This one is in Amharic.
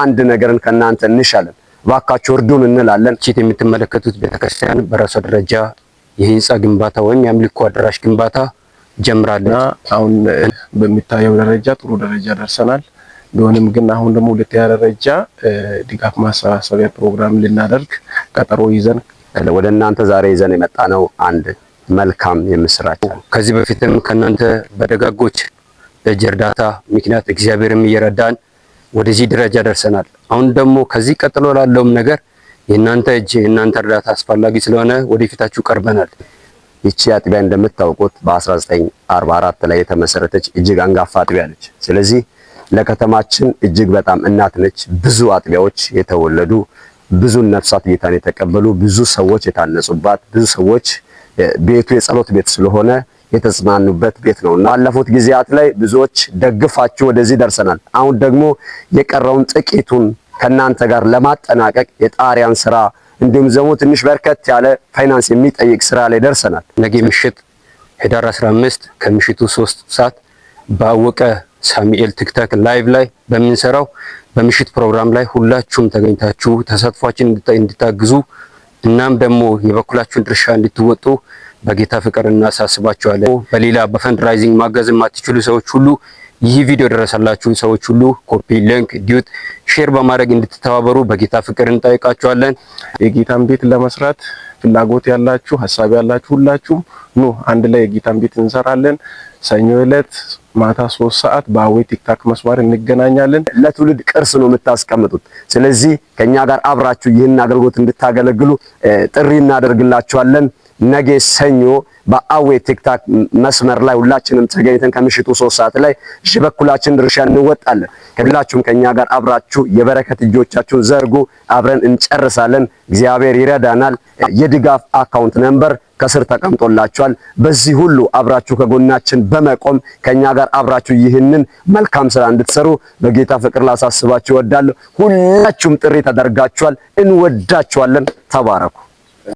አንድ ነገርን ከእናንተ እንሻለን፣ እባካችሁ እርዱን እንላለን። ቺት የምትመለከቱት ቤተክርስቲያን በራሷ ደረጃ የህንፃ ግንባታ ወይም የአምልኮ አዳራሽ ግንባታ ጀምራለች። አሁን በሚታየው ደረጃ ጥሩ ደረጃ ደርሰናል። ቢሆንም ግን አሁን ደግሞ ሁለተኛ ደረጃ ድጋፍ ማሰባሰቢያ ፕሮግራም ልናደርግ ቀጠሮ ይዘን ወደ እናንተ ዛሬ ይዘን የመጣ ነው። አንድ መልካም የምስራች ከዚህ በፊትም ከእናንተ በደጋጎች እጅ እርዳታ ምክንያት እግዚአብሔርም እየረዳን ወደዚህ ደረጃ ደርሰናል። አሁን ደግሞ ከዚህ ቀጥሎ ላለውም ነገር የእናንተ እጅ የእናንተ እርዳታ አስፈላጊ ስለሆነ ወደፊታችሁ ቀርበናል። ይቺ አጥቢያ እንደምታውቁት በ1944 ላይ የተመሰረተች እጅግ አንጋፋ አጥቢያ ነች። ስለዚህ ለከተማችን እጅግ በጣም እናት ነች። ብዙ አጥቢያዎች የተወለዱ ብዙ ነፍሳት ጌታን የተቀበሉ ብዙ ሰዎች የታነጹባት ብዙ ሰዎች ቤቱ የጸሎት ቤት ስለሆነ የተጽናኑበት ቤት ነው እና ባለፉት ጊዜያት ላይ ብዙዎች ደግፋችሁ ወደዚህ ደርሰናል። አሁን ደግሞ የቀረውን ጥቂቱን ከእናንተ ጋር ለማጠናቀቅ የጣሪያን ስራ እንዲሁም ዘሙ ትንሽ በርከት ያለ ፋይናንስ የሚጠይቅ ስራ ላይ ደርሰናል። ነገ ምሽት ህዳር 15 ከምሽቱ 3 ሰዓት ባወቀ ሳሙኤል ቲክታክ ላይቭ ላይ በምንሰራው በምሽት ፕሮግራም ላይ ሁላችሁም ተገኝታችሁ ተሳትፏችን እንድታግዙ እናም ደግሞ የበኩላችሁን ድርሻ እንድትወጡ በጌታ ፍቅር እናሳስባቸዋለን። በሌላ በፈንድራይዚንግ ማገዝ የማትችሉ ሰዎች ሁሉ ይህ ቪዲዮ ደረሰላችሁን ሰዎች ሁሉ ኮፒ ሊንክ ዲዩት ሼር በማድረግ እንድትተባበሩ በጌታ ፍቅር እንጠይቃችኋለን። የጌታን ቤት ለመስራት ፍላጎት ያላችሁ ሀሳብ ያላችሁ ሁላችሁም ኑ አንድ ላይ የጌታን ቤት እንሰራለን። ሰኞ ዕለት ማታ ሶስት ሰዓት በአዌ ቲክታክ መስማር እንገናኛለን። ለትውልድ ቅርስ ነው የምታስቀምጡት። ስለዚህ ከኛ ጋር አብራችሁ ይህን አገልግሎት እንድታገለግሉ ጥሪ እናደርግላችኋለን። ነገ ሰኞ በአዌ ቲክታክ መስመር ላይ ሁላችንም ተገኝተን ከምሽቱ ሶስት ሰዓት ላይ የበኩላችን ድርሻ እንወጣለን። ሁላችሁም ከኛ ጋር አብራችሁ የበረከት እጆቻችሁን ዘርጉ። አብረን እንጨርሳለን። እግዚአብሔር ይረዳናል። የድጋፍ አካውንት ነምበር ከስር ተቀምጦላችኋል። በዚህ ሁሉ አብራችሁ ከጎናችን በመቆም ከኛ ጋር አብራችሁ ይህንን መልካም ስራ እንድትሰሩ በጌታ ፍቅር ላሳስባችሁ እወዳለሁ። ሁላችሁም ጥሪ ተደርጋችኋል። እንወዳችኋለን። ተባረኩ።